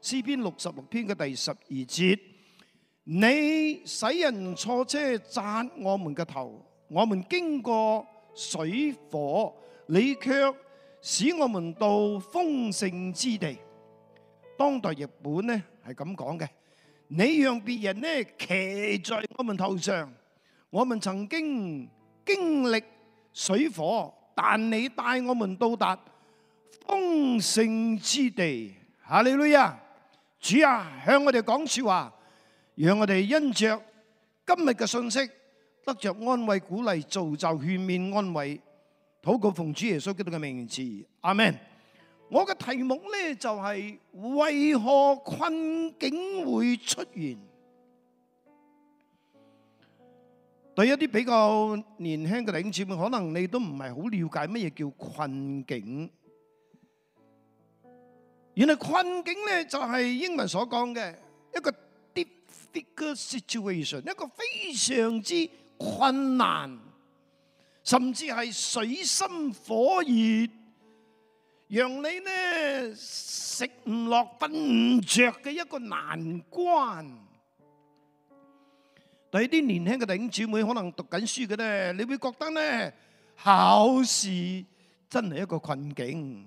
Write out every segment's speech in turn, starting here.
詩篇六十六篇嘅第十二節，你使人坐車砸我們嘅頭，我們經過水火，你卻使我們到豐盛之地。當代日本呢係咁講嘅，你讓別人呢騎在我們頭上，我們曾經經歷水火，但你帶我們到達豐盛之地。哈利路亞！主啊，向我哋講說話，讓我哋因着今日嘅信息得着安慰鼓勵，造就全面安慰，禱告奉主耶穌基督嘅名字，阿門。我嘅題目咧就係為何困境會出現？對一啲比較年輕嘅弟兄姊妹，可能你都唔係好了解乜嘢叫困境。原來困境咧就係英文所講嘅一個 difficult situation，一個非常之困難，甚至係水深火熱，讓你呢食唔落瞓唔着嘅一個難關。對啲年輕嘅弟兄姊妹，可能讀緊書嘅咧，你會覺得咧考試真係一個困境。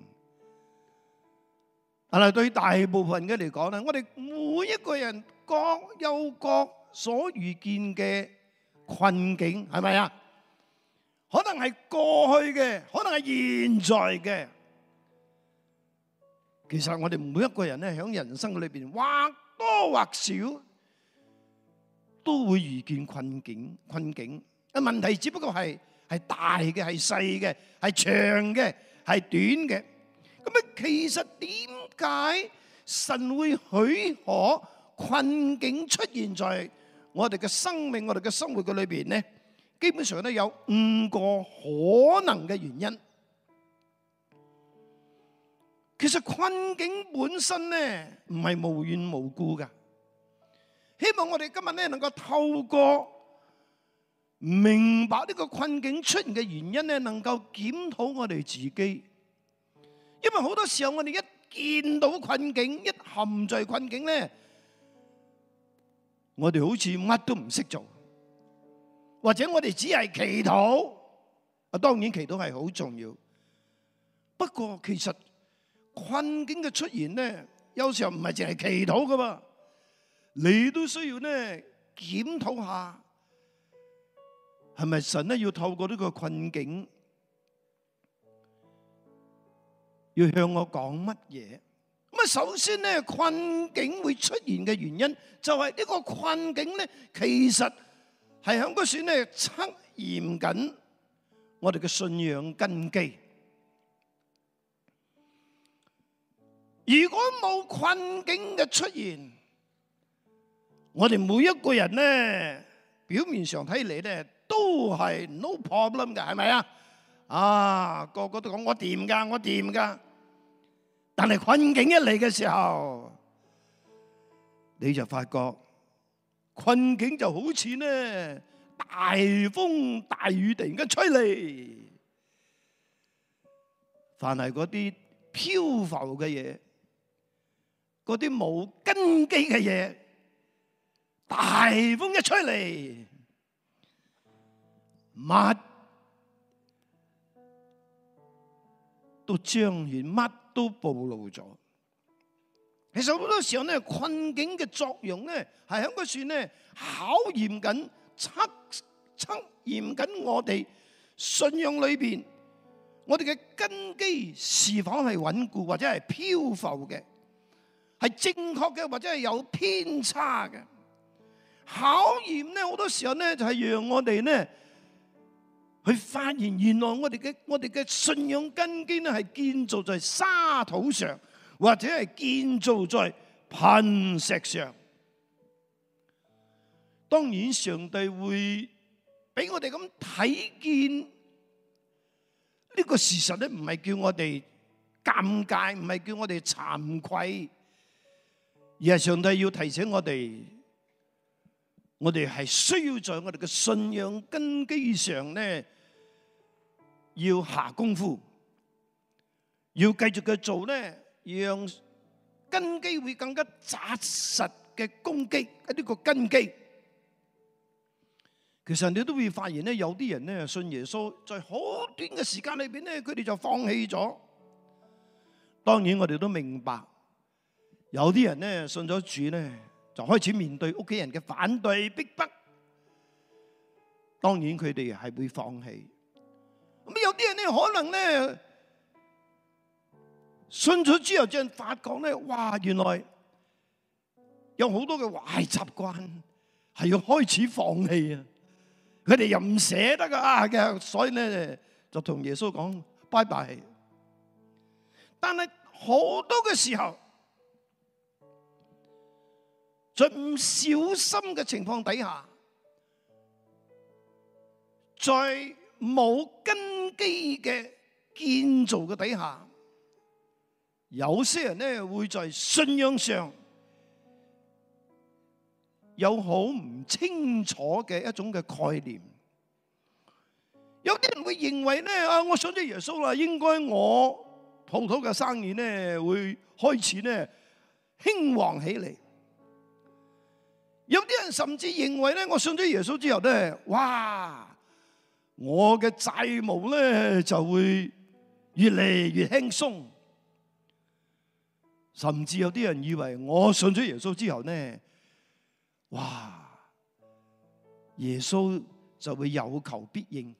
嗱，對大部分嘅嚟講咧，我哋每一個人各有各所遇見嘅困境，係咪啊？可能係過去嘅，可能係現在嘅。其實我哋每一個人咧，喺人生嘅裏邊，或多或少都會遇見困境。困境嘅問題，只不過係係大嘅、係細嘅、係長嘅、係短嘅。咁啊，其實點解神會許可困境出現在我哋嘅生命，我哋嘅生活嘅裏邊呢？基本上都有五個可能嘅原因。其實困境本身呢唔係無緣無故噶。希望我哋今日呢能夠透過明白呢個困境出現嘅原因呢，能夠檢討我哋自己。因為好多時候我哋一見到困境，一陷在困境咧，我哋好似乜都唔識做，或者我哋只係祈禱。啊，當然祈禱係好重要，不過其實困境嘅出現咧，有時候唔係淨係祈禱噶噃，你都需要咧檢討下，係咪神咧要透過呢個困境？要向我講乜嘢？咁啊，首先咧，困境會出現嘅原因，就係呢個困境咧，其實係喺嗰時咧測驗緊我哋嘅信仰根基。如果冇困境嘅出現，我哋每一個人咧，表面上睇嚟咧，都係 no problem 嘅，係咪啊？啊，個個都講我掂㗎，我掂㗎。但係困境一嚟嘅時候，你就發覺困境就好似呢大風大雨突然間吹嚟。凡係嗰啲漂浮嘅嘢，嗰啲冇根基嘅嘢，大風一吹嚟，物。都彰顯，乜都暴露咗。其實好多時候咧，困境嘅作用咧，係喺個算咧考驗緊、測測驗緊我哋信仰裏邊，我哋嘅根基是否係穩固，或者係漂浮嘅，係正確嘅，或者係有偏差嘅。考驗咧，好多時候咧，就係讓我哋咧。佢發現原來我哋嘅我哋嘅信仰根基咧，係建造在沙土上，或者係建造在磐石上。當然上帝會俾我哋咁睇見呢、這個事實咧，唔係叫我哋尷尬，唔係叫我哋慚愧，而係上帝要提醒我哋。我哋係需要在我哋嘅信仰根基上咧，要下功夫，要繼續去做咧，讓根基會更加扎實嘅攻擊一啲個根基。其實你都會發現咧，有啲人咧信耶穌，在好短嘅時間裏邊咧，佢哋就放棄咗。當然我哋都明白，有啲人咧信咗主咧。就開始面對屋企人嘅反對逼迫，當然佢哋係會放棄。咁有啲人咧可能咧信咗之後再發覺咧，哇！原來有好多嘅壞習慣係要開始放棄啊！佢哋又唔捨得噶啊嘅，所以咧就同耶穌講拜拜。但係好多嘅時候，在唔小心嘅情況底下，在冇根基嘅建造嘅底下，有些人咧會在信仰上有好唔清楚嘅一種嘅概念。有啲人會認為咧啊，我信咗耶穌啦，應該我鋪頭嘅生意咧會開始咧興旺起嚟。有啲人甚至認為咧，我信咗耶穌之後咧，哇！我嘅債務咧就會越嚟越輕鬆。甚至有啲人以為我信咗耶穌之後咧，哇！耶穌就會有求必應。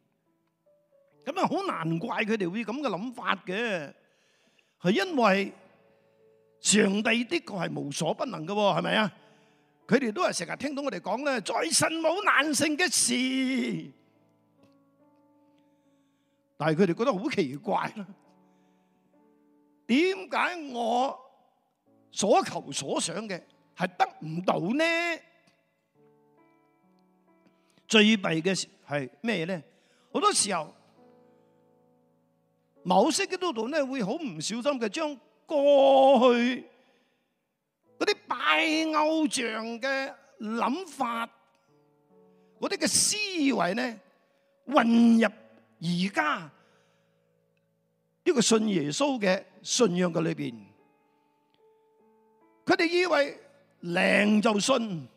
咁啊，好難怪佢哋會咁嘅諗法嘅，係因為上帝的確係無所不能嘅，係咪啊？佢哋都係成日聽到我哋講咧，在神冇難成嘅事，但係佢哋覺得好奇怪，點解我所求所想嘅係得唔到呢？最弊嘅係咩咧？好多時候，某些基督徒咧會好唔小心嘅將過去。嗰啲拜偶像嘅諗法，嗰啲嘅思維咧，混入而家呢個信耶穌嘅信仰嘅裏邊，佢哋以為靈就信，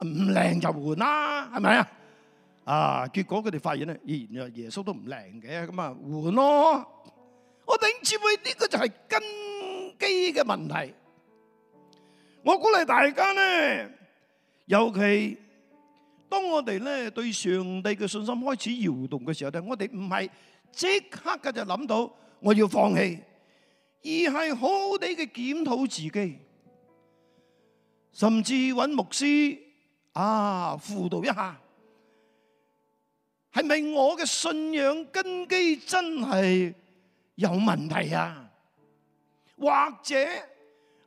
唔靈就換啦，係咪啊？啊，結果佢哋發現咧，原來耶穌都唔靈嘅，咁啊換咯！我頂住會呢個就係根基嘅問題。我鼓勵大家咧，尤其當我哋咧對上帝嘅信心開始搖動嘅時候咧，我哋唔係即刻嘅就諗到我要放棄，而係好好地嘅檢討自己，甚至揾牧師啊輔導一下，係咪我嘅信仰根基真係有問題啊？或者？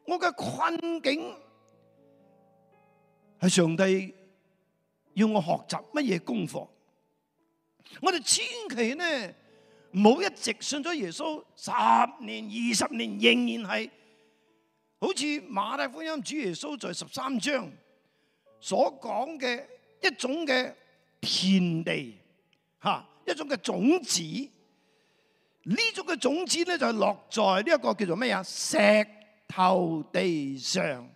我嘅困境係上帝要我學習乜嘢功課？我哋千祈呢，唔好一直信咗耶穌十年、二十年，仍然係好似馬太福音主耶穌在十三章所講嘅一種嘅田地吓，一種嘅種子。呢種嘅種子咧就係落在呢一個叫做咩啊石？頭地上，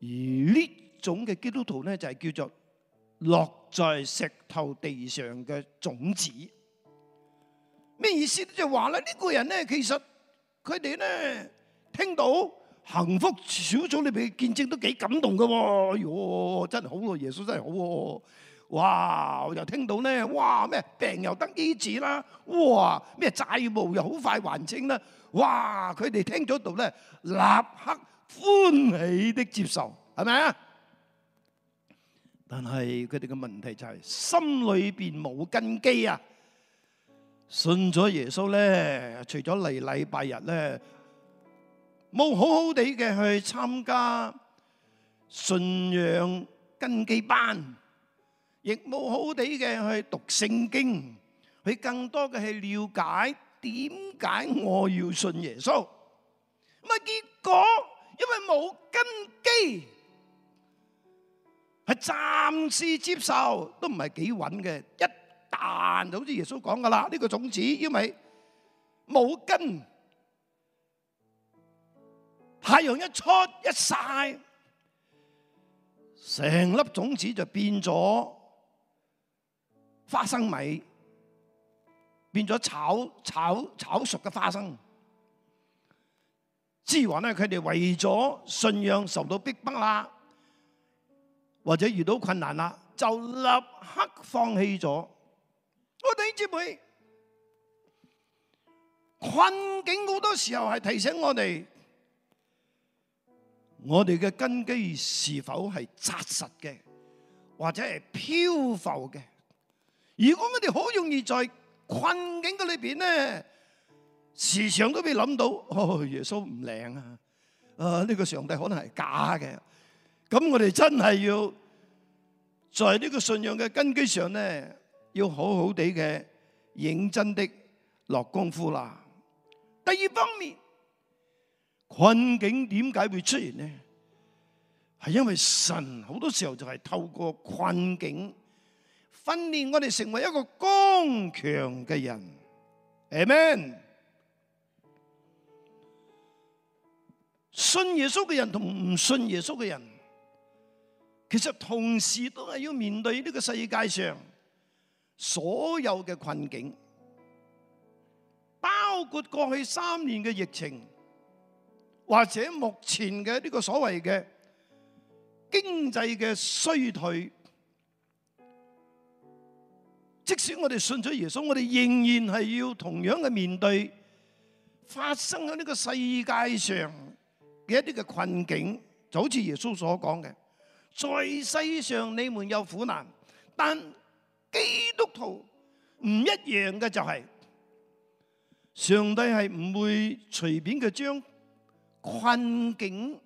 而呢種嘅基督徒咧就係叫做落在石頭地上嘅種子，咩意思咧？就係話咧，呢個人咧其實佢哋咧聽到幸福小組裏邊嘅見證都幾感動噶，哎喲，真係好咯，耶穌真係好。哇！又聽到咧，哇咩病又得醫治啦，哇咩債務又好快還清啦，哇佢哋聽咗到咧，立刻歡喜的接受，係咪啊？但係佢哋嘅問題就係心裏面冇根基啊！信咗耶穌咧，除咗嚟禮拜日咧，冇好好地嘅去參加信仰根基班。亦冇好地嘅去讀聖經，去更多嘅係了解點解我要信耶穌。咁啊結果，因為冇根基，係暫時接受都唔係幾穩嘅。一旦就好似耶穌講噶啦，呢個種子因為冇根，太陽一出一曬，成粒種子就變咗，花生米變咗炒炒炒熟嘅花生，之話咧，佢哋為咗信仰受到逼迫啦，或者遇到困難啦，就立刻放棄咗。我哋姊妹困境好多時候係提醒我哋，我哋嘅根基是否係紮實嘅，或者係漂浮嘅？如果我哋好容易在困境嘅裏邊咧，時常都未諗到，哦，耶穌唔靈啊，呢、啊呢個上帝可能係假嘅。咁我哋真係要在呢個信仰嘅根基上咧，要好好地嘅認真地落功夫啦。第二方面，困境點解會出現呢？係因為神好多時候就係透過困境。訓練我哋成為一個剛強嘅人，Amen，信耶穌嘅人同唔信耶穌嘅人，其實同時都係要面對呢個世界上所有嘅困境，包括過去三年嘅疫情，或者目前嘅呢個所謂嘅經濟嘅衰退。即使我哋信咗耶穌，我哋仍然係要同樣嘅面對發生喺呢個世界上嘅一啲嘅困境，就好似耶穌所講嘅，在世上你們有苦難，但基督徒唔一樣嘅就係，上帝係唔會隨便嘅將困境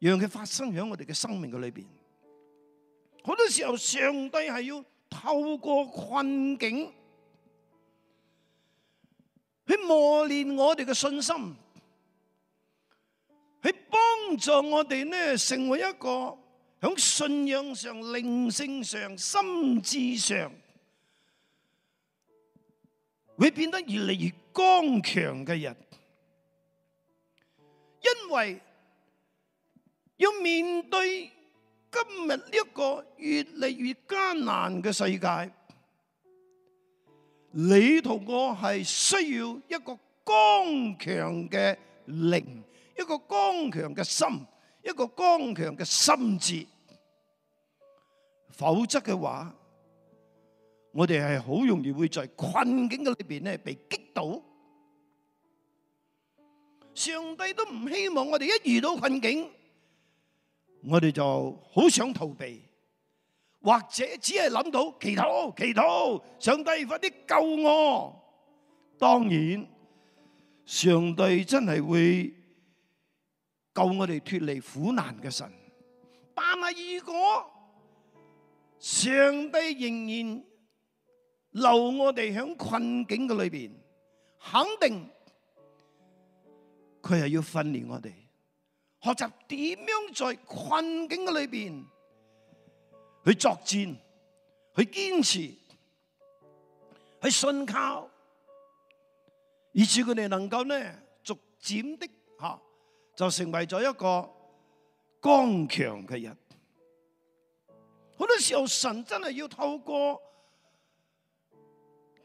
讓佢發生響我哋嘅生命嘅裏邊，好多時候上帝係要。透過困境，去磨練我哋嘅信心，去幫助我哋呢成為一個喺信仰上、靈性上、心智上，會變得越嚟越剛強嘅人，因為要面對。今日呢一個越嚟越艱難嘅世界，你同我係需要一個剛強嘅靈，一個剛強嘅心，一個剛強嘅心智。否則嘅話，我哋係好容易會在困境嘅裏邊咧被擊倒。上帝都唔希望我哋一遇到困境。我哋就好想逃避，或者只係諗到祈禱、祈禱，上帝快啲救我。當然，上帝真係會救我哋脫離苦難嘅神。但係如果上帝仍然留我哋響困境嘅裏邊，肯定佢係要訓練我哋。學習點樣在困境嘅裏邊去作戰，去堅持，去信靠，以至佢哋能夠呢逐漸的吓、啊、就成為咗一個剛強嘅人。好多時候神真係要透過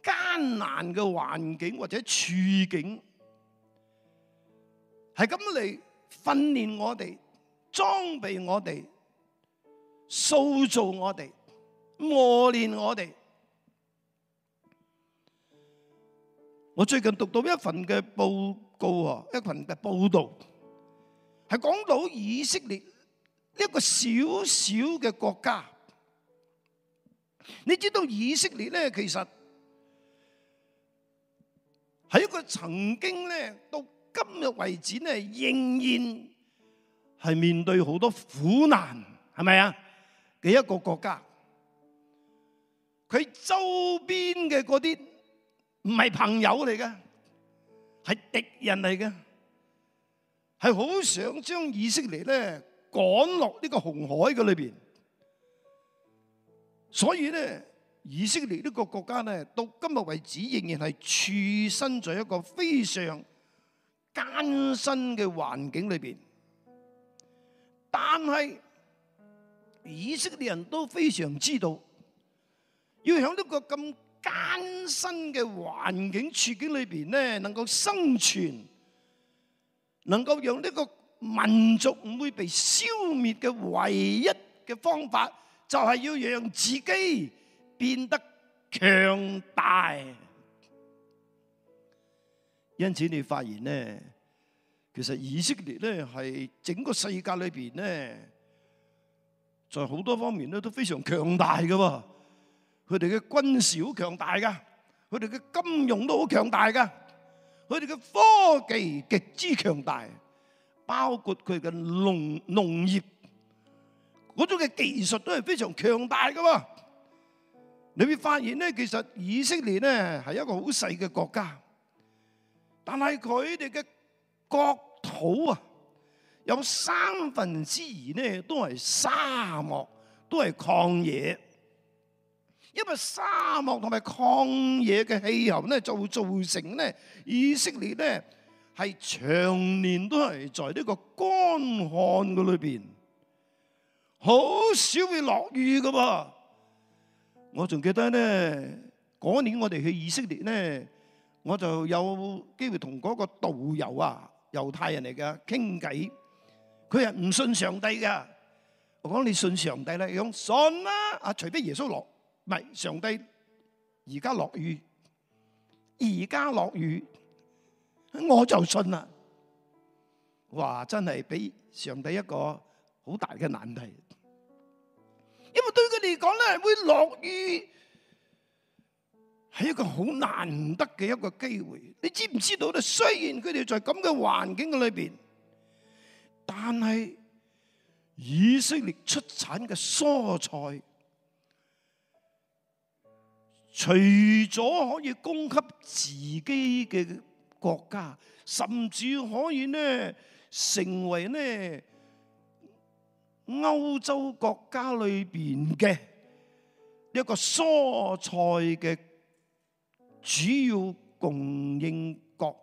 艱難嘅環境或者處境，係咁嚟。訓練我哋，裝備我哋，塑造我哋，磨練我哋。我最近讀到一份嘅報告啊，一份嘅報道，係講到以色列一個小小嘅國家。你知道以色列咧，其實係一個曾經咧都。今日為止咧，仍然係面對好多苦難，係咪啊？嘅一個國家，佢周邊嘅嗰啲唔係朋友嚟嘅，係敵人嚟嘅，係好想將以色列咧趕落呢個紅海嘅裏邊。所以咧，以色列呢個國家咧，到今日為止，仍然係處身在一個非常。艱辛嘅環境裏邊，但係以色列人都非常知道，要喺呢個咁艱辛嘅環境處境裏邊咧，能夠生存，能夠讓呢個民族唔會被消滅嘅唯一嘅方法，就係要讓自己變得強大。因此你發現咧，其實以色列咧係整個世界裏邊咧，在好多方面咧都非常強大嘅。佢哋嘅軍事好強大噶，佢哋嘅金融都好強大噶，佢哋嘅科技極之強大，包括佢嘅農農業嗰種嘅技術都係非常強大嘅。你會發現咧，其實以色列咧係一個好細嘅國家。但係佢哋嘅國土啊，有三分之二呢都係沙漠，都係曠野。因為沙漠同埋曠野嘅氣候咧，就會造成咧以色列咧係長年都係在呢個乾旱嘅裏邊，好少會落雨噶噃。我仲記得咧嗰年我哋去以色列咧。我就有機會同嗰個導遊啊，猶太人嚟嘅傾偈，佢係唔信上帝嘅。我講，你信上帝啦，佢講，信啦。啊，除非耶穌落，唔係上帝。而家落雨，而家落雨，我就信啦。哇！真係俾上帝一個好大嘅難題，因為對佢嚟講咧，係會落雨係一個好難得嘅一個機會，你知唔知道咧？雖然佢哋在咁嘅環境嘅裏邊，但係以色列出產嘅蔬菜，除咗可以供給自己嘅國家，甚至可以咧成為咧歐洲國家裏邊嘅一個蔬菜嘅。主要供應國。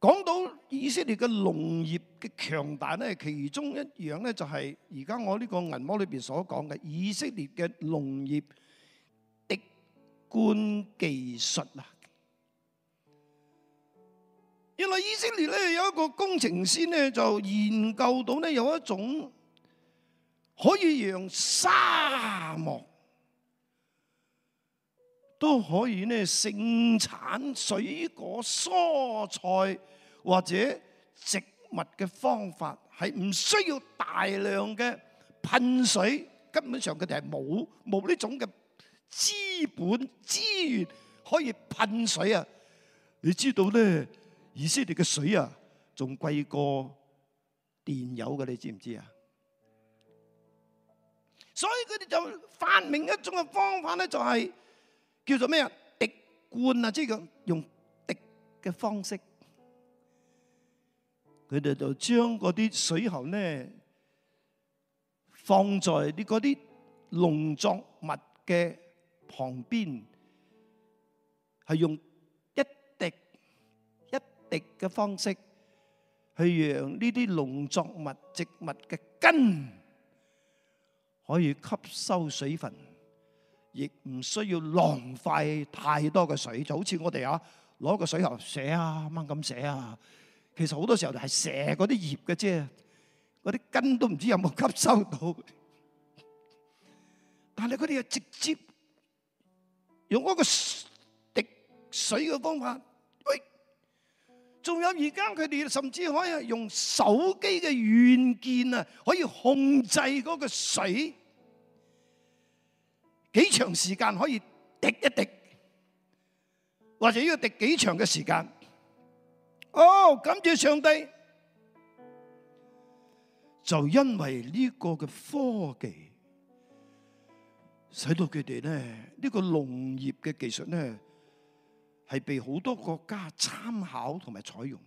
講到以色列嘅農業嘅強大咧，其中一樣咧就係而家我呢個銀幕裏邊所講嘅以色列嘅農業滴灌技術啊。原來以色列咧有一個工程師咧就研究到呢，有一種可以讓沙漠。都可以呢，盛產水果、蔬菜或者植物嘅方法，係唔需要大量嘅噴水。根本上佢哋係冇冇呢種嘅資本資源可以噴水啊！你知道咧，以色列嘅水啊，仲貴過電油嘅，你知唔知啊？所以佢哋就發明一種嘅方法咧，就係、是。叫做咩啊？滴灌啊！即係用滴嘅方式，佢哋就將嗰啲水喉咧放在啲嗰啲農作物嘅旁邊，係用一滴一滴嘅方式，去讓呢啲農作物植物嘅根可以吸收水分。亦唔需要浪費太多嘅水，就好似我哋啊，攞個水喉寫啊，掹咁寫啊。其實好多時候就係射嗰啲葉嘅啫，嗰啲根都唔知有冇吸收到。但係佢哋又直接用嗰個滴水嘅方法。喂，仲有而家佢哋甚至可以用手機嘅軟件啊，可以控制嗰個水。幾長時間可以滴一滴，或者要滴幾長嘅時間？哦，感謝上帝，就因為呢個嘅科技，使到佢哋咧呢個農業嘅技術咧係被好多國家參考同埋採用。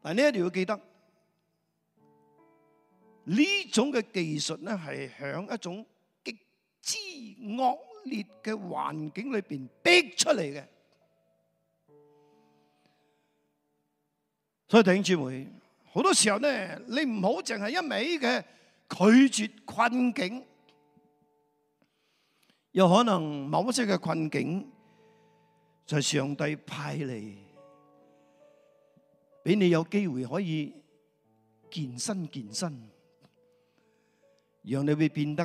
但係呢一定要記得，呢種嘅技術咧係響一種。之惡劣嘅環境裏邊逼出嚟嘅。所以弟兄姊妹，好多時候咧，你唔好淨係一味嘅拒絕困境，有可能某一些嘅困境就係上帝派嚟，俾你有機會可以健身健身，讓你會變得。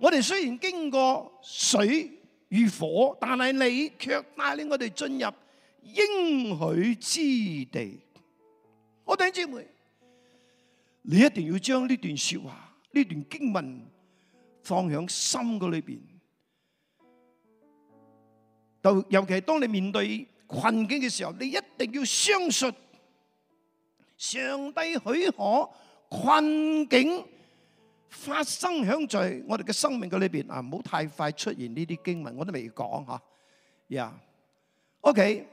我哋雖然經過水與火，但係你卻帶領我哋進入應許之地。我哋姐妹，你一定要將呢段說話，呢段經文放響心嘅裏邊。就尤其係當你面對困境嘅時候，你一定要相信上帝許可困境。發生響在我哋嘅生命嘅裏邊啊，唔好太快出現呢啲經文，我都未講吓。yeah，OK，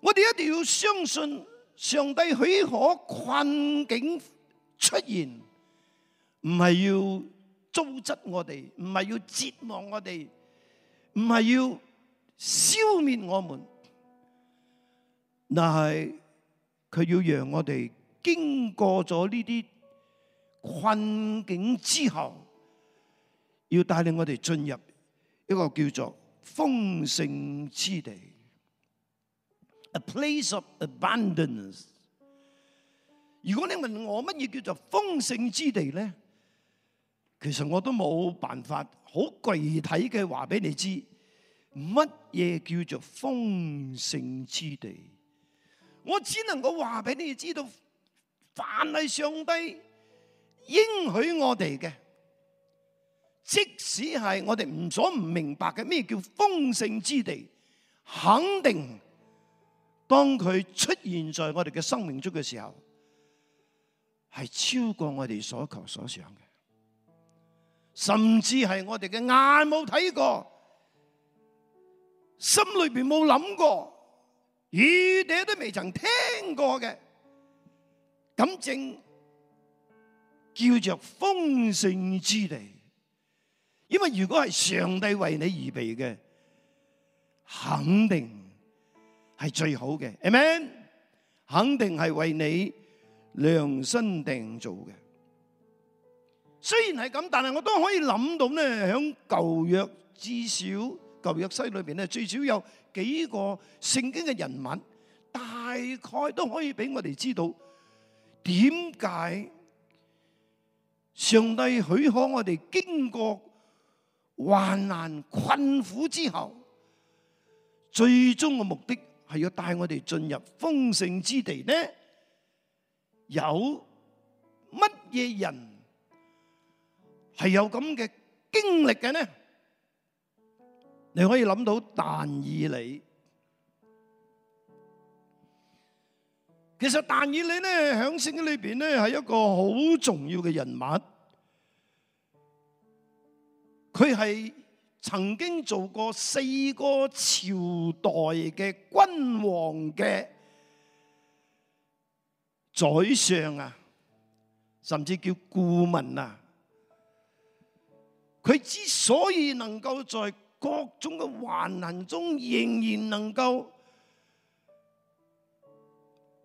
我哋一定要相信上帝許可困境出現，唔係要糟質我哋，唔係要折磨我哋，唔係要消滅我們，但係佢要讓我哋經過咗呢啲。困境之後，要帶領我哋進入一個叫做豐盛之地 （a place of abundance）。如果你問我乜嘢叫做豐盛之地咧，其實我都冇辦法好具體嘅話俾你知乜嘢叫做豐盛之地。我只能夠話俾你知道，凡係上帝。應許我哋嘅，即使係我哋唔所唔明白嘅咩叫豐盛之地，肯定當佢出現在我哋嘅生命中嘅時候，係超過我哋所求所想嘅，甚至係我哋嘅眼冇睇過，心裏邊冇諗過，耳朵都未曾聽過嘅，咁正。叫做豐盛之地，因為如果係上帝為你預備嘅，肯定係最好嘅，Amen。肯定係為你量身訂造嘅。雖然係咁，但係我都可以諗到咧，響舊約至少舊約書裏邊咧，最少有幾個聖經嘅人物，大概都可以俾我哋知道點解。上帝許可我哋經過患難困苦之後，最終嘅目的係要帶我哋進入豐盛之地呢？有乜嘢人係有咁嘅經歷嘅呢？你可以諗到但以理。其實但以理呢，響聖經裡邊呢，係一個好重要嘅人物。佢係曾經做過四個朝代嘅君王嘅宰相啊，甚至叫顧問啊佢之所以能夠在各種嘅患難中仍然能夠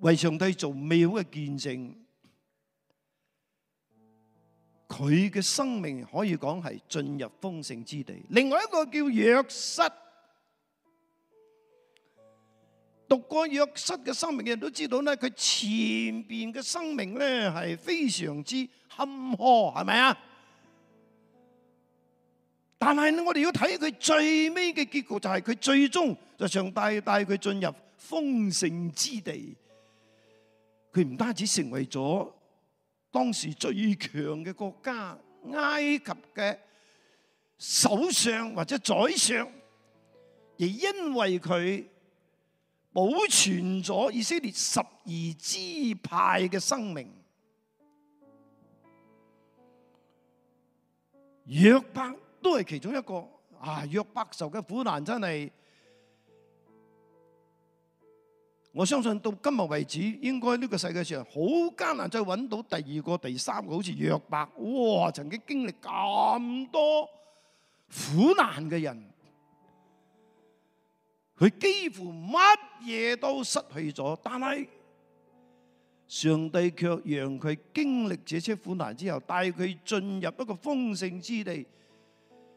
為上帝做美好嘅見證，佢嘅生命可以講係進入豐盛之地。另外一個叫約瑟，讀過約瑟嘅生命嘅人都知道咧，佢前邊嘅生命咧係非常之坎坷，係咪啊？但係我哋要睇佢最尾嘅結局，就係、是、佢最終就上帝帶佢進入豐盛之地。佢唔單止成為咗當時最強嘅國家，埃及嘅首相或者宰相，亦因為佢保存咗以色列十二支派嘅生命，約伯都係其中一個啊！約伯受嘅苦難真係。我相信到今日為止，應該呢個世界上好艱難，再揾到第二個、第三個好似約伯，哇！曾經經歷咁多苦難嘅人，佢幾乎乜嘢都失去咗，但係上帝卻讓佢經歷這些苦難之後，帶佢進入一個豐盛之地。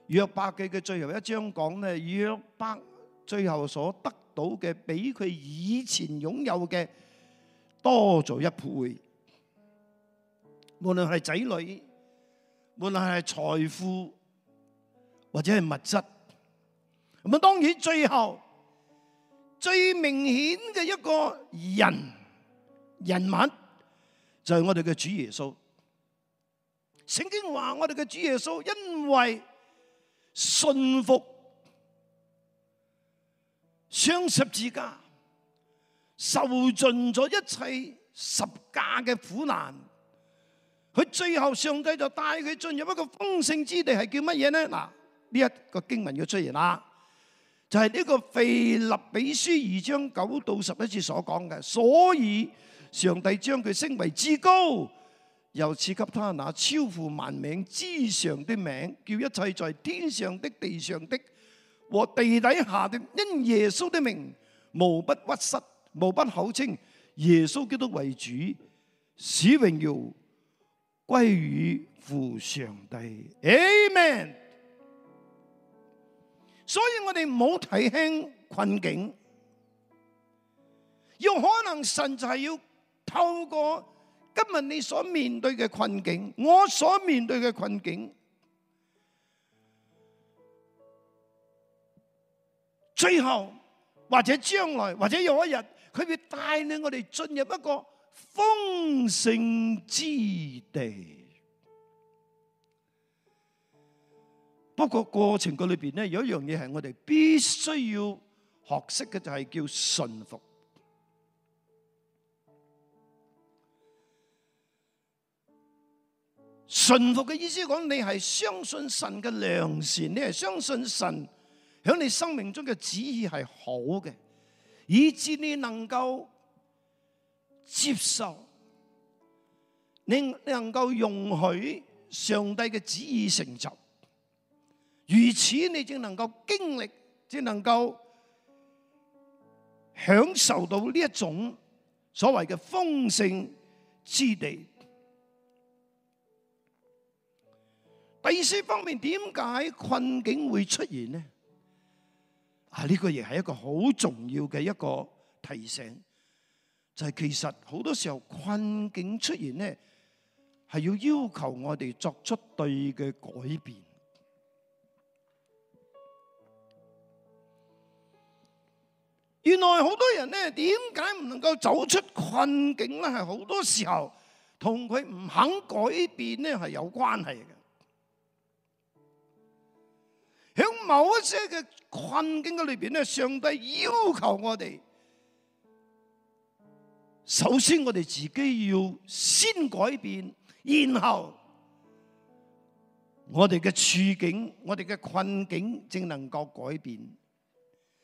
約伯記嘅最後一章講咧，約伯最後所得到嘅比佢以前擁有嘅多咗一倍，無論係仔女，無論係財富或者係物質，咁啊，當然最後最明顯嘅一個人人物就係我哋嘅主耶穌。聖經話我哋嘅主耶穌因為信服。雙十字架受盡咗一切十架嘅苦難，佢最後上帝就帶佢進入一個豐盛之地，係叫乜嘢呢？嗱，呢一個經文要出現啦，就係、是、呢個腓立比書二章九到十一節所講嘅，所以上帝將佢升為至高，又賜給他那超乎萬名之上的名，叫一切在天上的地上的。和地底下的，因耶穌的名，無不屈膝，無不口稱耶穌基督為主，使榮耀歸於父上帝。Amen。所以我哋唔好睇輕困境，有可能神就係要透過今日你所面對嘅困境，我所面對嘅困境。最後或者將來或者有一日，佢會帶領我哋進入一個豐盛之地。不過過程嘅裏邊咧，有一樣嘢係我哋必須要學識嘅，就係、是、叫信服。信服嘅意思講，你係相信神嘅良善，你係相信神。喺你生命中嘅旨意係好嘅，以至你能夠接受，你能夠容許上帝嘅旨意成就，如此你正能夠經歷，正能夠享受到呢一種所謂嘅豐盛之地。第四方面，點解困境會出現呢？啊！呢個亦係一個好重要嘅一個提醒，就係其實好多時候困境出現咧，係要要求我哋作出對嘅改變。原來好多人咧，點解唔能夠走出困境咧？係好多時候同佢唔肯改變咧，係有關係嘅。喺某一些嘅困境嘅裏邊咧，上帝要求我哋，首先我哋自己要先改變，然後我哋嘅處境、我哋嘅困境正能夠改變。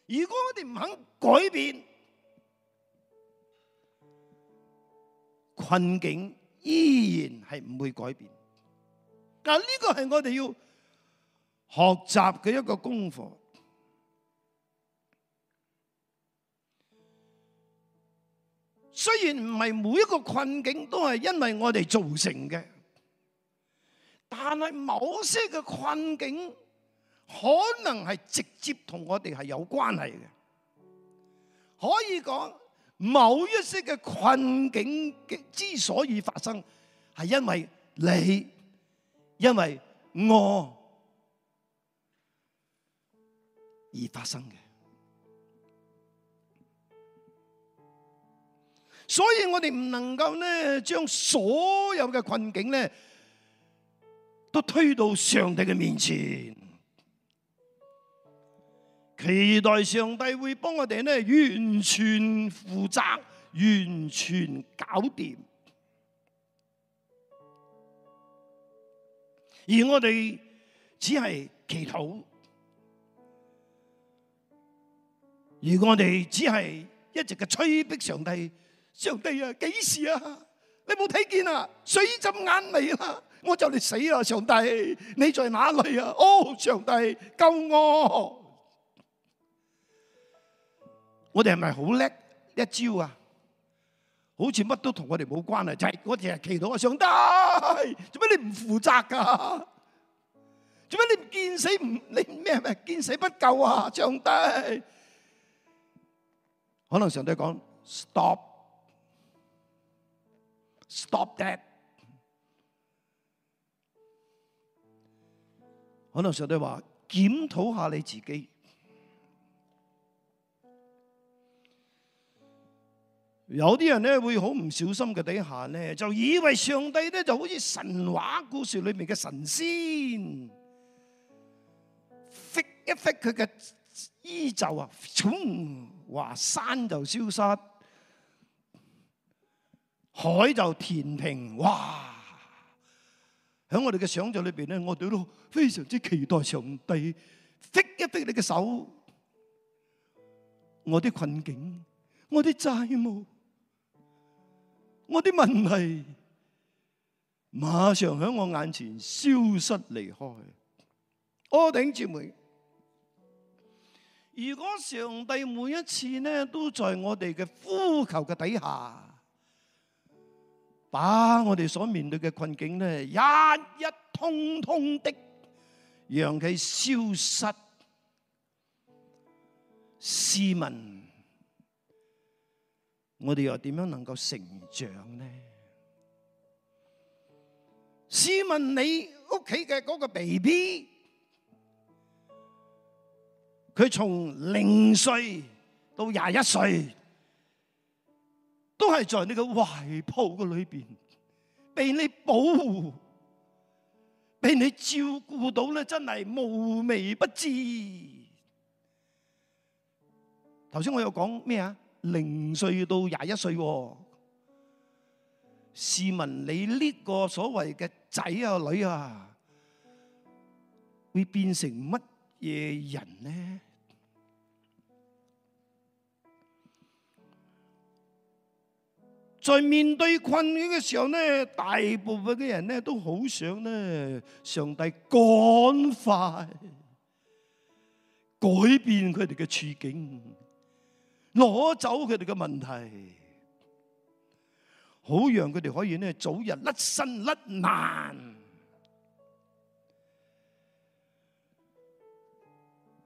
如果我哋唔肯改變，困境依然係唔會改變。但呢個係我哋要學習嘅一個功課，雖然唔係每一個困境都係因為我哋造成嘅，但係某些嘅困境可能係直接同我哋係有關係嘅。可以講，某一些嘅困境之所以發生，係因為你，因為我。而發生嘅，所以我哋唔能夠呢將所有嘅困境呢都推到上帝嘅面前，期待上帝會幫我哋呢完全負責、完全搞掂，而我哋只係祈禱。如果我哋只係一直嘅催逼上帝，上帝啊，幾時啊？你冇睇見啊？水浸眼眉啦！我就嚟死啦！上帝，你在哪裡啊？哦，上帝救我！我哋係咪好叻一招啊？好似乜都同我哋冇關係，就係我成日祈禱啊！上帝，做咩你唔負責噶？做咩你見死唔你咩咩見死不救啊？上帝！可能上帝講 stop，stop that。可能上帝話檢討下你自己。有啲人咧會好唔小心嘅底下咧，就以為上帝咧就好似神話故事裏面嘅神仙，揈一揈佢嘅衣袖啊，衝。話山就消失，海就填平，哇！喺我哋嘅想象裏邊咧，我哋都非常之期待上帝，揮一揮你嘅手，我啲困境、我啲債務、我啲問題，馬上喺我眼前消失離開。阿頂姐妹。如果上帝每一次咧都在我哋嘅呼求嘅底下，把我哋所面對嘅困境咧一一通通的讓佢消失，試問我哋又點樣能夠成長呢？試問你屋企嘅嗰個 BB？佢從零歲到廿一歲，都係在你個懷抱嘅裏邊，俾你保護，被你照顧到咧，真係無微不至。頭先我有講咩啊？零歲到廿一歲，試問你呢個所謂嘅仔啊女啊，會變成乜？夜人呢，在面對困境嘅時候呢，大部分嘅人呢都好想呢上帝趕快改變佢哋嘅處境，攞走佢哋嘅問題，好讓佢哋可以呢早日甩身甩難。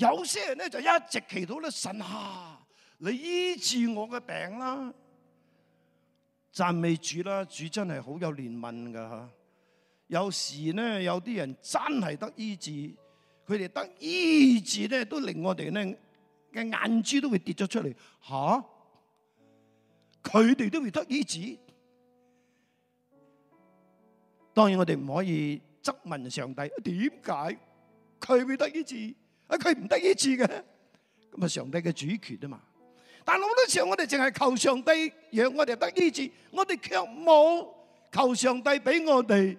有些人咧就一直祈禱咧，神啊，你醫治我嘅病啦！讚美主啦，主真係好有憐憫噶吓。有時咧，有啲人真係得醫治，佢哋得醫治咧，都令我哋咧嘅眼珠都會跌咗出嚟吓。佢哋都會得醫治。當然我哋唔可以質問上帝點解佢會得醫治。啊！佢唔得醫治嘅，咁啊，上帝嘅主權啊嘛。但好多時候我哋淨係求上帝讓我哋得醫治，我哋卻冇求上帝俾我哋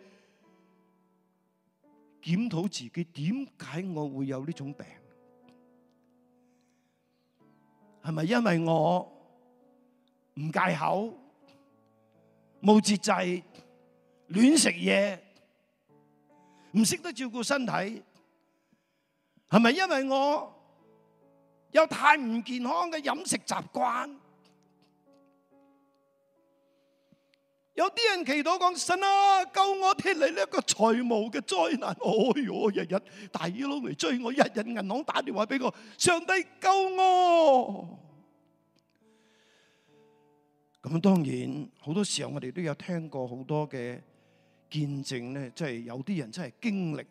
檢討自己，點解我會有呢種病？係咪因為我唔戒口、冇節制、亂食嘢、唔識得照顧身體？係咪因為我有太唔健康嘅飲食習慣？有啲人祈禱講，神啊，救我！脫離呢一個財務嘅災難，哎喲，日日大雨佬嚟追我，一日銀行打電話俾我，上帝救我！咁當然，好多時候我哋都有聽過好多嘅見證咧，即係有啲人真係經歷。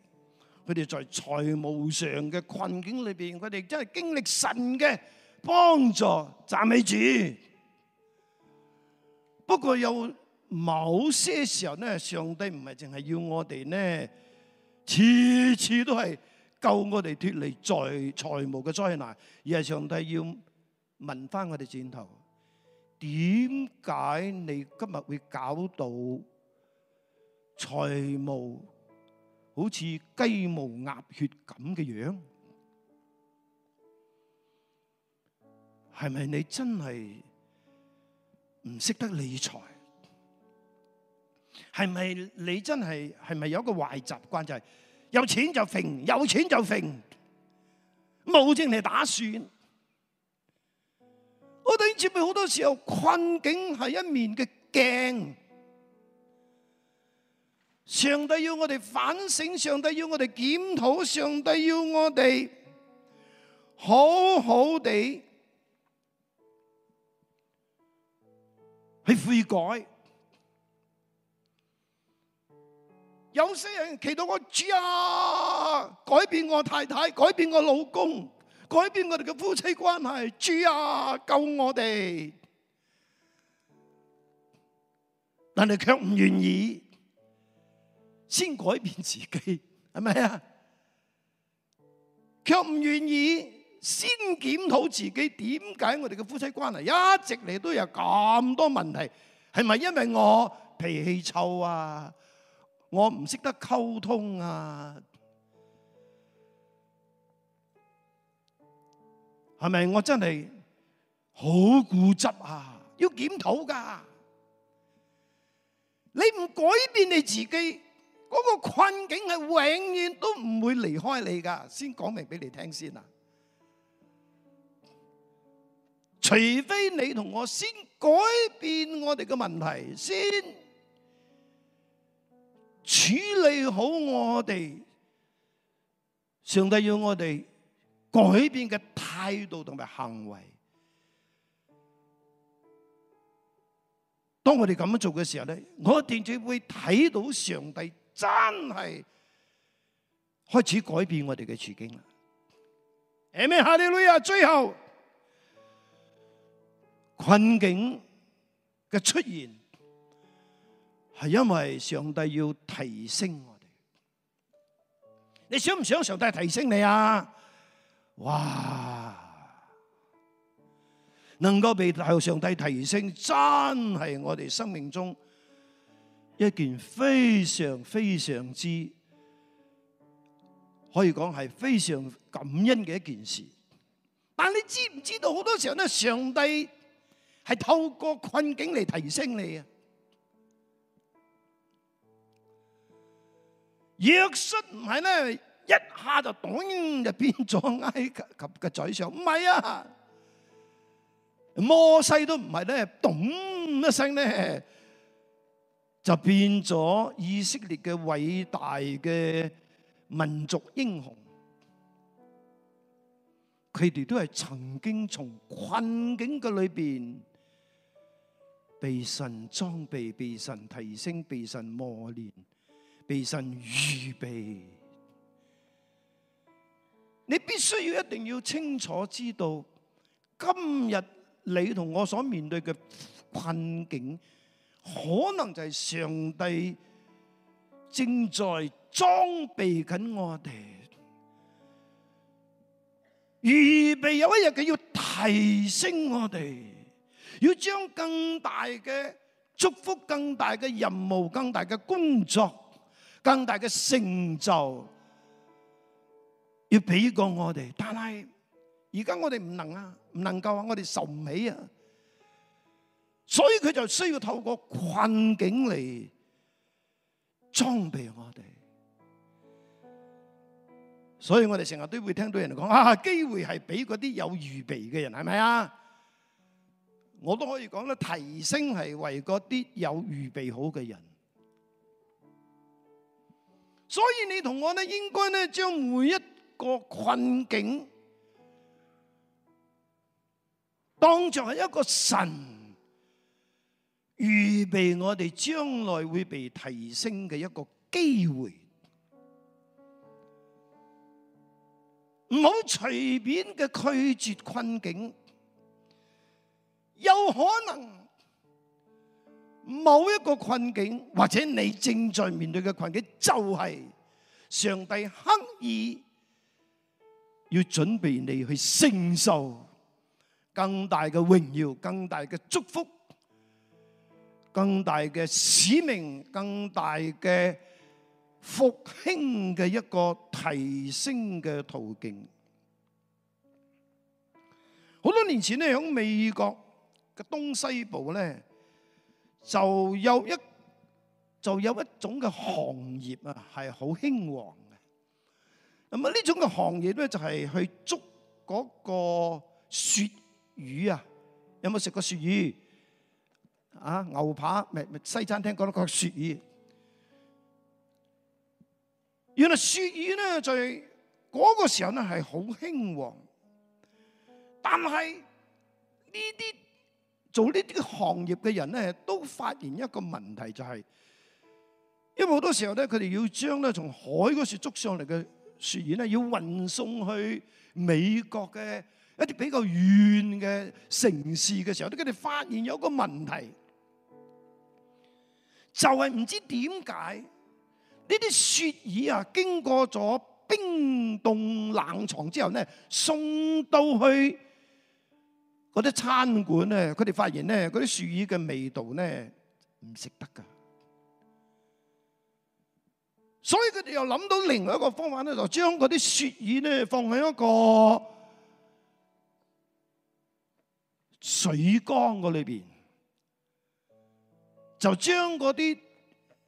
佢哋在財務上嘅困境裏邊，佢哋真係經歷神嘅幫助，讚美主。不過有某些時候呢，上帝唔係淨係要我哋呢，次次都係救我哋脫離財財務嘅災難，而係上帝要問返我哋轉頭，點解你今日會搞到財務？好似雞毛鴨血咁嘅樣，係咪你真係唔識得理財？係咪你真係係咪有一個壞習慣，就係有錢就揈，有錢就揈，冇精打細算。我哋前輩好多時候困境係一面嘅鏡。上帝要我哋反省，上帝要我哋檢討，上帝要我哋好好地去悔改。有些人祈禱：我主啊，改變我太太，改變我老公，改變我哋嘅夫妻關係。主啊，救我哋！但係卻唔願意。先改變自己係咪啊？卻唔願意先檢討自己，點解我哋嘅夫妻關係一直嚟都有咁多問題，係咪因為我脾氣臭啊？我唔識得溝通啊？係咪我真係好固執啊？要檢討㗎，你唔改變你自己。嗰個困境係永遠都唔會離開你噶，先講明俾你聽先啊！除非你同我先改變我哋嘅問題，先處理好我哋，上帝要我哋改變嘅態度同埋行為。當我哋咁樣做嘅時候咧，我哋就會睇到上帝。真係開始改變我哋嘅處境啦！誒咩？下啲女啊，最後困境嘅出現係因為上帝要提升我哋。你想唔想上帝提升你啊？哇！能夠被由上帝提升，真係我哋生命中。一件非常非常之可以講係非常感恩嘅一件事，但你知唔知道好多時候咧，上帝係透過困境嚟提升你啊！約瑟唔係咧，一下就咚就變咗埃及嘅宰相，唔係啊，摩西都唔係咧，咚一聲咧。就變咗以色列嘅偉大嘅民族英雄，佢哋都係曾經從困境嘅裏面，被神裝備，被神提升，被神磨練，被神預備。你必須要一定要清楚知道，今日你同我所面對嘅困境。可能就係上帝正在裝備緊我哋，預備有一日佢要提升我哋，要將更大嘅祝福、更大嘅任務、更大嘅工作、更大嘅成就，要俾過我哋。但係而家我哋唔能啊，唔能夠話，我哋受唔起啊。所以佢就需要透過困境嚟裝備我哋，所以我哋成日都會聽到人講啊，機會係俾嗰啲有預備嘅人，係咪啊？我都可以講咧，提升係為嗰啲有預備好嘅人。所以你同我咧，應該咧將每一個困境當作係一個神。預備我哋將來會被提升嘅一個機會，唔好隨便嘅拒絕困境，有可能某一個困境或者你正在面對嘅困境，就係上帝刻意要準備你去承受更大嘅榮耀、更大嘅祝福。更大嘅使命，更大嘅復興嘅一個提升嘅途徑。好多年前咧，喺美國嘅東西部咧，就有一就有一種嘅行業啊，係好興旺嘅。咁啊，呢種嘅行業咧，就係去捉嗰個雪魚啊。有冇食過雪魚？啊！牛排、咪咪西餐廳講到嗰雪魚，原來雪魚咧在嗰個時候咧係好興旺，但係呢啲做呢啲行業嘅人咧都發現一個問題，就係因為好多時候咧佢哋要將咧從海嗰處捉上嚟，嘅雪魚咧要運送去美國嘅一啲比較遠嘅城市嘅時候，都佢哋發現有一個問題。.就係唔知點解呢啲雪耳啊，經過咗冰凍冷，冷藏之後咧，送到去嗰啲餐館咧，佢哋發現咧嗰啲雪耳嘅味道咧唔食得噶，所以佢哋又諗到另外一個方法咧，就將嗰啲雪耳咧放喺一個水缸嗰裏邊。就將嗰啲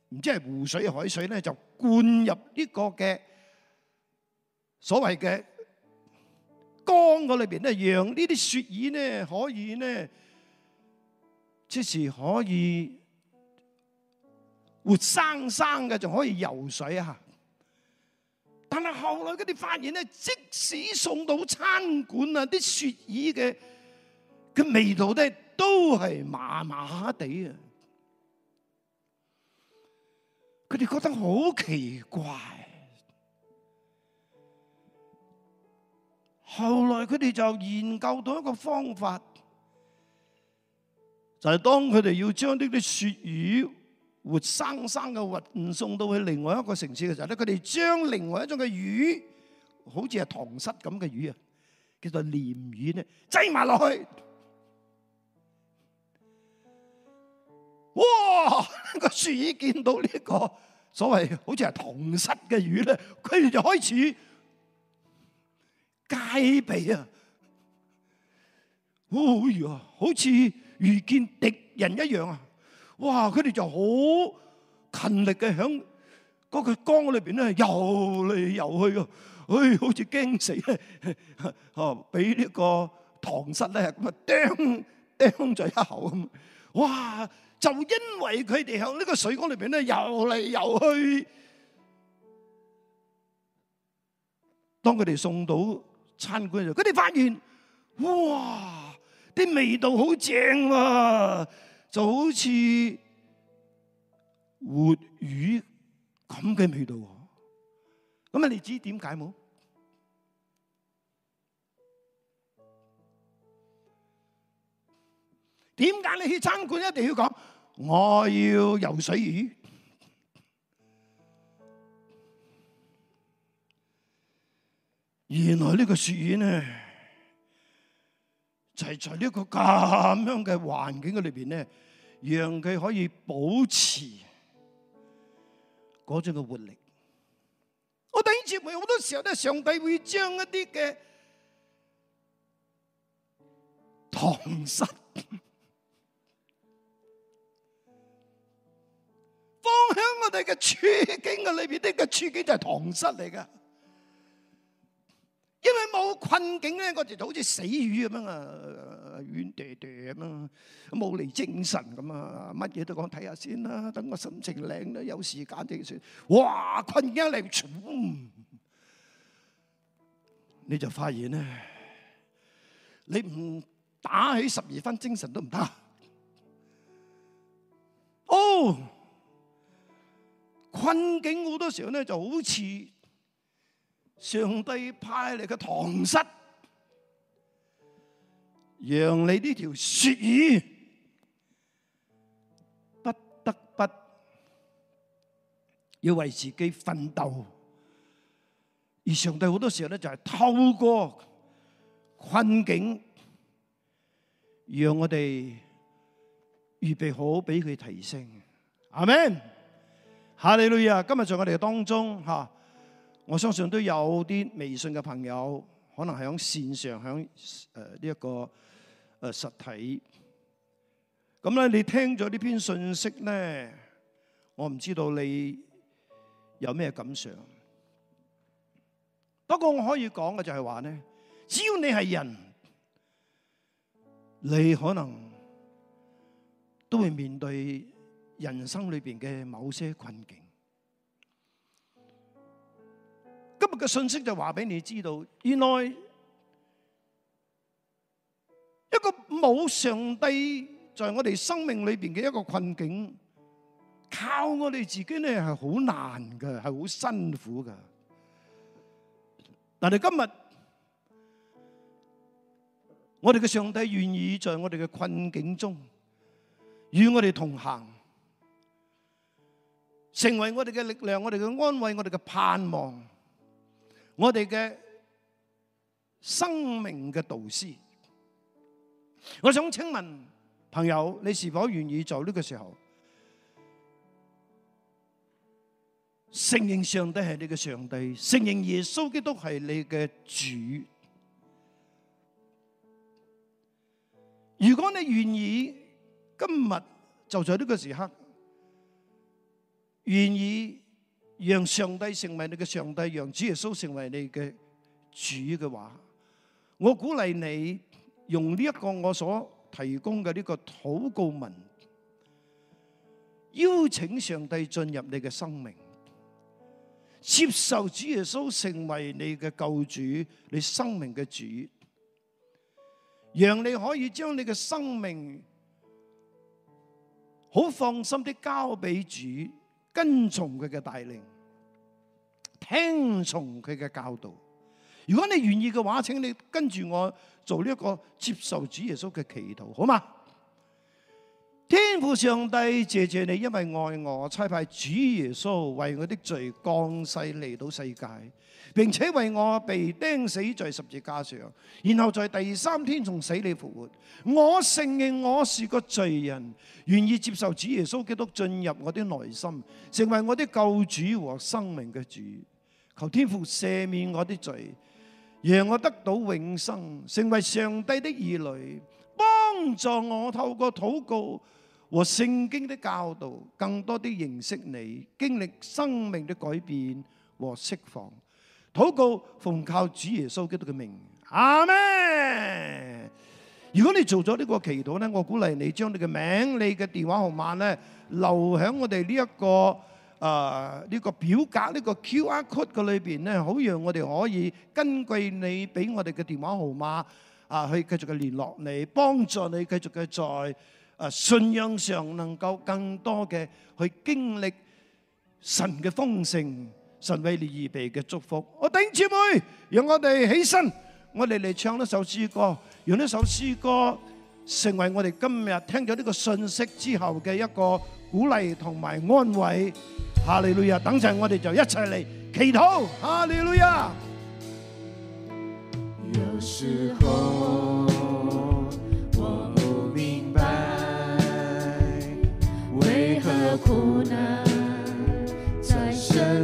唔知係湖水、海水咧，就灌入呢個嘅所謂嘅缸嗰裏邊咧，讓呢啲雪魚，咧可以咧，即時可以活生生嘅，仲可以游水啊！但係後來佢哋發現咧，即使送到餐館啊，啲雪魚嘅嘅味道咧都係麻麻地啊！佢哋覺得好奇怪。後來佢哋就研究到一個方法，就係當佢哋要將呢啲鱈魚活生生嘅運送到去另外一個城市嘅時候咧，佢哋將另外一種嘅魚，好似係塘虱咁嘅魚啊，叫做鯰魚咧，擠埋落去。哇！個鱈魚見到呢個所謂好似係塘虱嘅魚咧，佢哋就開始戒備啊！哎呀，好似遇見敵人一樣啊！哇！佢哋就好勤力嘅響嗰個缸裏邊咧遊嚟遊去啊！唉，好似驚死咧！哦，俾呢個塘虱咧咁啊，釘釘咗一口咁，哇！就因為佢哋喺呢個水缸裏邊咧游嚟游去，當佢哋送到餐館嘅時候，佢哋發現，哇，啲味道好正喎，就好似活魚咁嘅味道。咁啊，你知點解冇？點解你去餐館一定要講？我要游水魚，原來呢個雪魚咧，就係在呢個咁樣嘅環境嘅裏邊咧，讓佢可以保持嗰種嘅活力。我第一次會好多時候咧，上帝會將一啲嘅唐僧。呢個處境嘅裏邊，呢、這個處境就係唐室嚟噶，因為冇困境咧，我哋就好似死魚咁樣啊，軟嗲嗲咁啊，冇嚟精神咁啊，乜嘢都講睇下先啦，等我心情靚啦，有時間正算。哇，困境嚟、啊、處，你就發現咧，你唔打起十二分精神都唔得。哦、oh!。困境好多時候咧，就好似上帝派嚟嘅堂室，讓你呢條雪魚不得不要為自己奮鬥。而上帝好多時候咧就係透過困境，讓我哋預備好俾佢提升。阿門。哈！你女啊，今日在我哋嘅當中，哈，我相信都有啲微信嘅朋友，可能係響線上，響誒呢一個誒實體。咁咧，你聽咗呢篇信息咧，我唔知道你有咩感想。不過我可以講嘅就係話咧，只要你係人，你可能都會面對。人生裏邊嘅某些困境，今日嘅信息就話俾你知道，原來一個冇上帝在我哋生命裏邊嘅一個困境，靠我哋自己呢係好難嘅，係好辛苦嘅。但係今日我哋嘅上帝願意在我哋嘅困境中與我哋同行。成為我哋嘅力量，我哋嘅安慰，我哋嘅盼望，我哋嘅生命嘅導師。我想請問朋友，你是否願意做呢個時候承認上帝係你嘅上帝，承認耶穌基督係你嘅主？如果你願意，今日就在呢個時刻。願意讓上帝成為你嘅上帝，讓主耶穌成為你嘅主嘅話，我鼓勵你用呢一個我所提供嘅呢個禱告文，邀請上帝進入你嘅生命，接受主耶穌成為你嘅救主，你生命嘅主，讓你可以將你嘅生命好放心啲交俾主，跟從佢嘅帶領，聽從佢嘅教導。如果你願意嘅話，請你跟住我做呢一個接受主耶穌嘅祈禱，好嘛？天父上帝，謝謝你，因為愛我，差派主耶穌為我啲罪降世嚟到世界。並且為我被釘死在十字架上，然後在第三天從死裏復活。我承認我是個罪人，願意接受主耶穌基督進入我的內心，成為我的救主和生命嘅主。求天父赦免我啲罪，讓我得到永生，成為上帝的兒女。幫助我透過禱告和聖經的教導，更多啲認識你，經歷生命的改變和釋放。禱告奉靠主耶穌基督嘅名，阿們。如果你做咗呢個祈禱咧，我鼓勵你將你嘅名、你嘅電話號碼咧，留喺我哋呢一個誒呢個表格呢個 QR code 嘅裏邊咧，好讓我哋可以根據你俾我哋嘅電話號碼啊，去繼續嘅聯絡你，幫助你繼續嘅在誒信仰上能夠更多嘅去經歷神嘅豐盛。神為你預備嘅祝福，弟兄姊妹，讓我哋起身，我哋嚟唱一首詩歌，用呢首詩歌成為我哋今日聽咗呢個信息之後嘅一個鼓勵同埋安慰。哈利路亞！等陣我哋就一齊嚟祈禱。哈利路亞。有時候我不明白，為何苦難？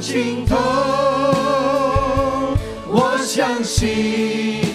盡頭，我相信。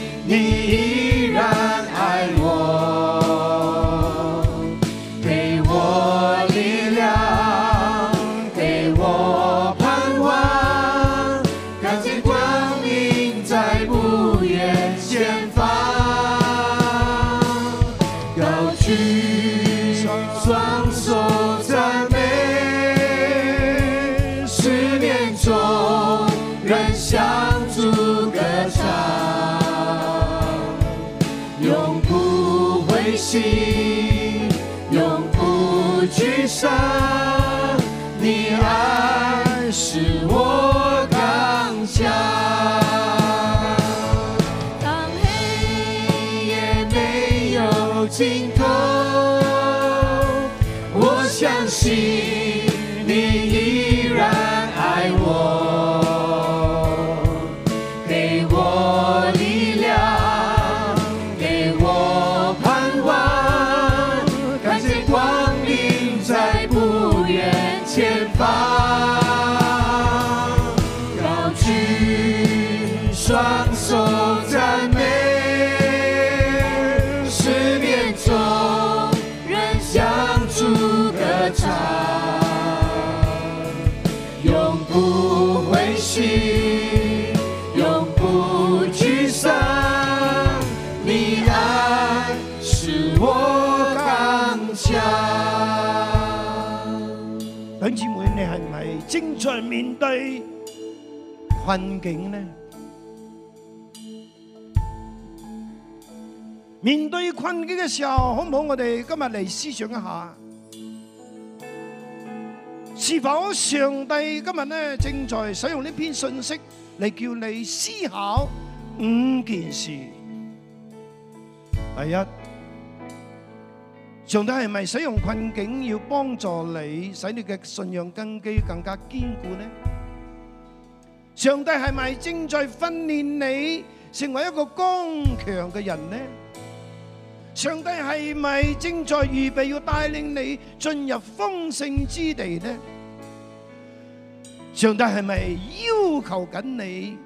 面對困境呢？面對困境嘅時候，好唔好？我哋今日嚟思想一下，是否上帝今日呢，正在使用呢篇信息嚟叫你思考五件事。第一。上帝係咪使用困境要幫助你，使你嘅信仰根基更加堅固呢？上帝係咪正在訓練你成為一個剛強嘅人呢？上帝係咪正在預備要帶領你進入豐盛之地呢？上帝係咪要求緊你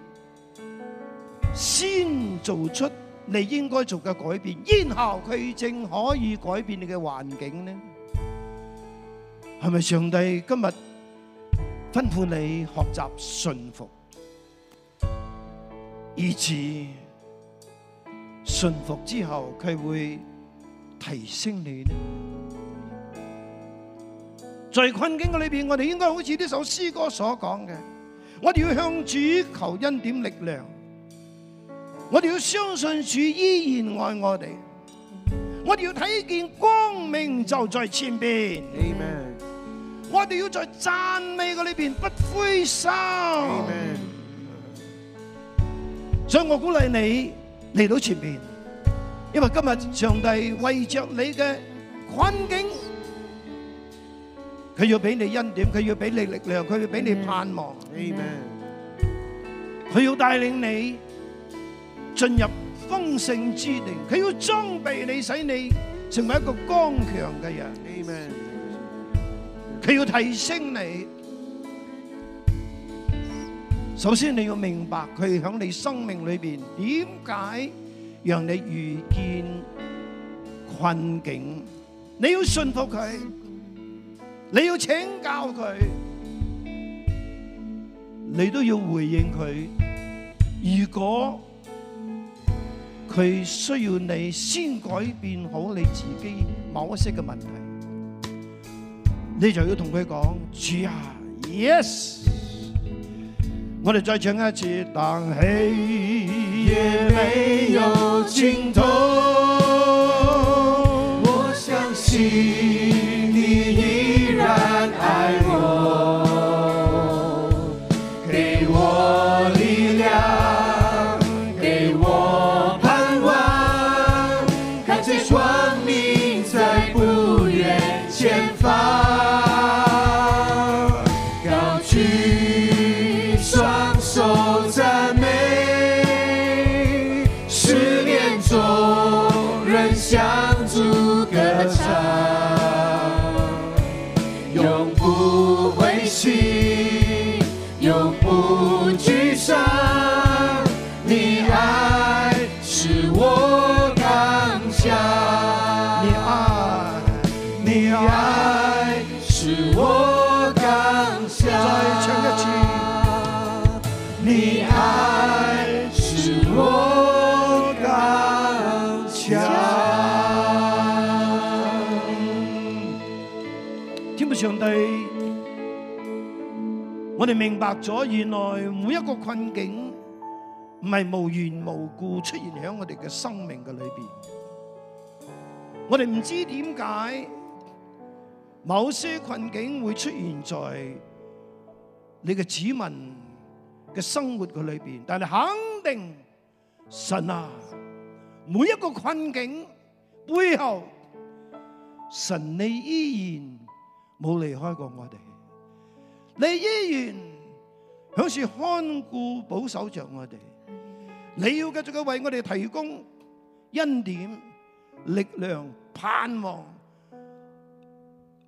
先做出？你應該做嘅改變，然後佢正可以改變你嘅環境咧。係咪上帝今日吩咐你學習信服？以至信服之後，佢會提升你咧。在困境嘅裏邊，我哋應該好似呢首詩歌所講嘅，我哋要向主求恩典力量。我哋要相信主依然愛我哋，我哋要睇見光明就在前邊。我哋要在讚美嘅裏邊不灰心。所以我鼓勵你嚟到前邊，因為今日上帝為着你嘅困境，佢要俾你恩典，佢要俾你力量，佢要俾你盼望。佢要帶領你，進入豐盛之地，佢要裝備你，使你成為一個剛強嘅人。Amen。佢要提升你，首先你要明白佢響你生命裏邊點解讓你遇見困境。你要信服佢，你要請教佢，你都要回應佢。如果佢需要你先改變好你自己某一些嘅問題，你就要同佢講，主啊，yes，我哋再唱一次，彈起也沒有。我我哋明白咗，原來每一個困境唔係無緣無故出現喺我哋嘅生命嘅裏邊。我哋唔知點解某些困境會出現在你嘅子民嘅生活嘅裏邊，但係肯定，神啊，每一個困境背後，神你依然冇離開過我哋。你依然響度看顧、保守着我哋，你要繼續去為我哋提供恩典、力量、盼望，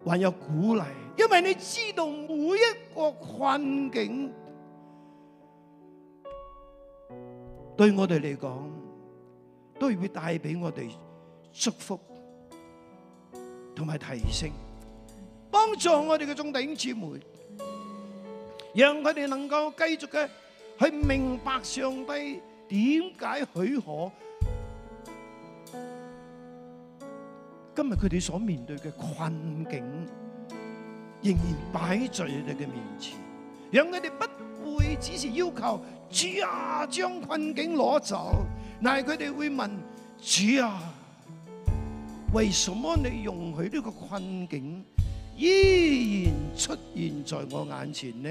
還有鼓勵。因為你知道每一個困境對我哋嚟講，都會帶俾我哋祝福同埋提升，幫助我哋嘅眾弟兄姊妹。讓佢哋能夠繼續嘅去明白上帝點解許可今日佢哋所面對嘅困境仍然擺在你哋嘅面前，讓佢哋不會只是要求主啊，將困境攞走，但係佢哋會問主啊，為什麼你容許呢個困境？依然出現在我眼前呢，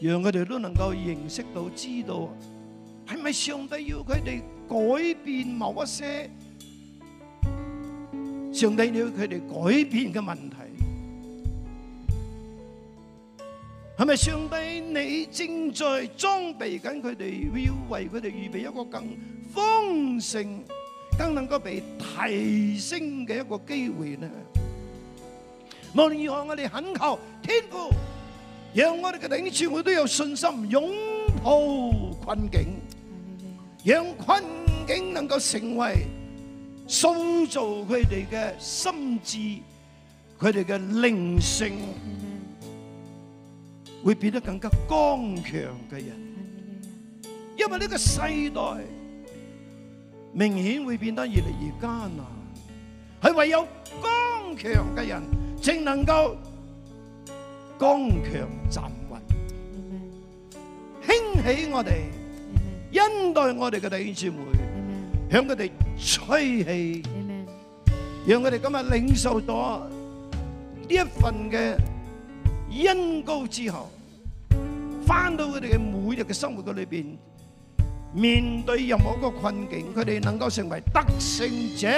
讓佢哋都能夠認識到、知道係咪上帝要佢哋改變某一些，上帝要佢哋改變嘅問題係咪上帝你正在裝備緊佢哋，要為佢哋預備一個更豐盛？更能夠被提升嘅一個機會呢？無論如何，我哋懇求天父，讓我哋嘅領袖，會都有信心擁抱困境，讓困境能夠成為塑造佢哋嘅心智、佢哋嘅靈性，會變得更加剛強嘅人。因為呢個世代，明顯會變得越嚟越艱難，係唯有剛強嘅人，正能夠剛強站穩，Okay. 興起我哋，恩待 Okay. 我哋嘅弟兄姊妹，Okay. 向佢哋吹氣，Okay. 讓佢哋今日領受咗呢一份嘅恩膏之後，翻到佢哋嘅每日嘅生活嘅裏邊。面對任何一個困境，佢哋能夠成為得勝者，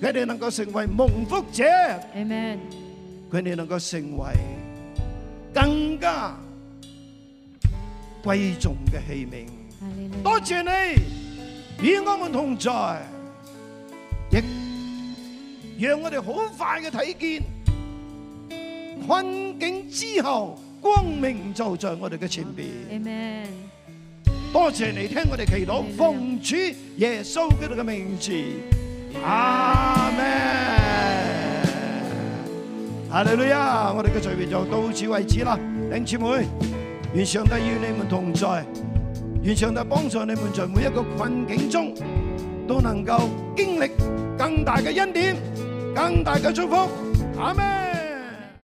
佢哋能夠成為蒙福者，佢哋能夠成為更加貴重嘅器皿。多謝你與我們同在，亦讓我哋好快嘅睇見困境之後，光明就在我哋嘅前邊。多謝你聽我哋祈禱，奉主耶穌基督嘅名字，阿門。阿女女啊，我哋嘅聚會就到此為止啦。領姊妹，願上帝與你們同在，願上帝幫助你們在每一個困境中都能夠經歷更大嘅恩典、更大嘅祝福。阿門。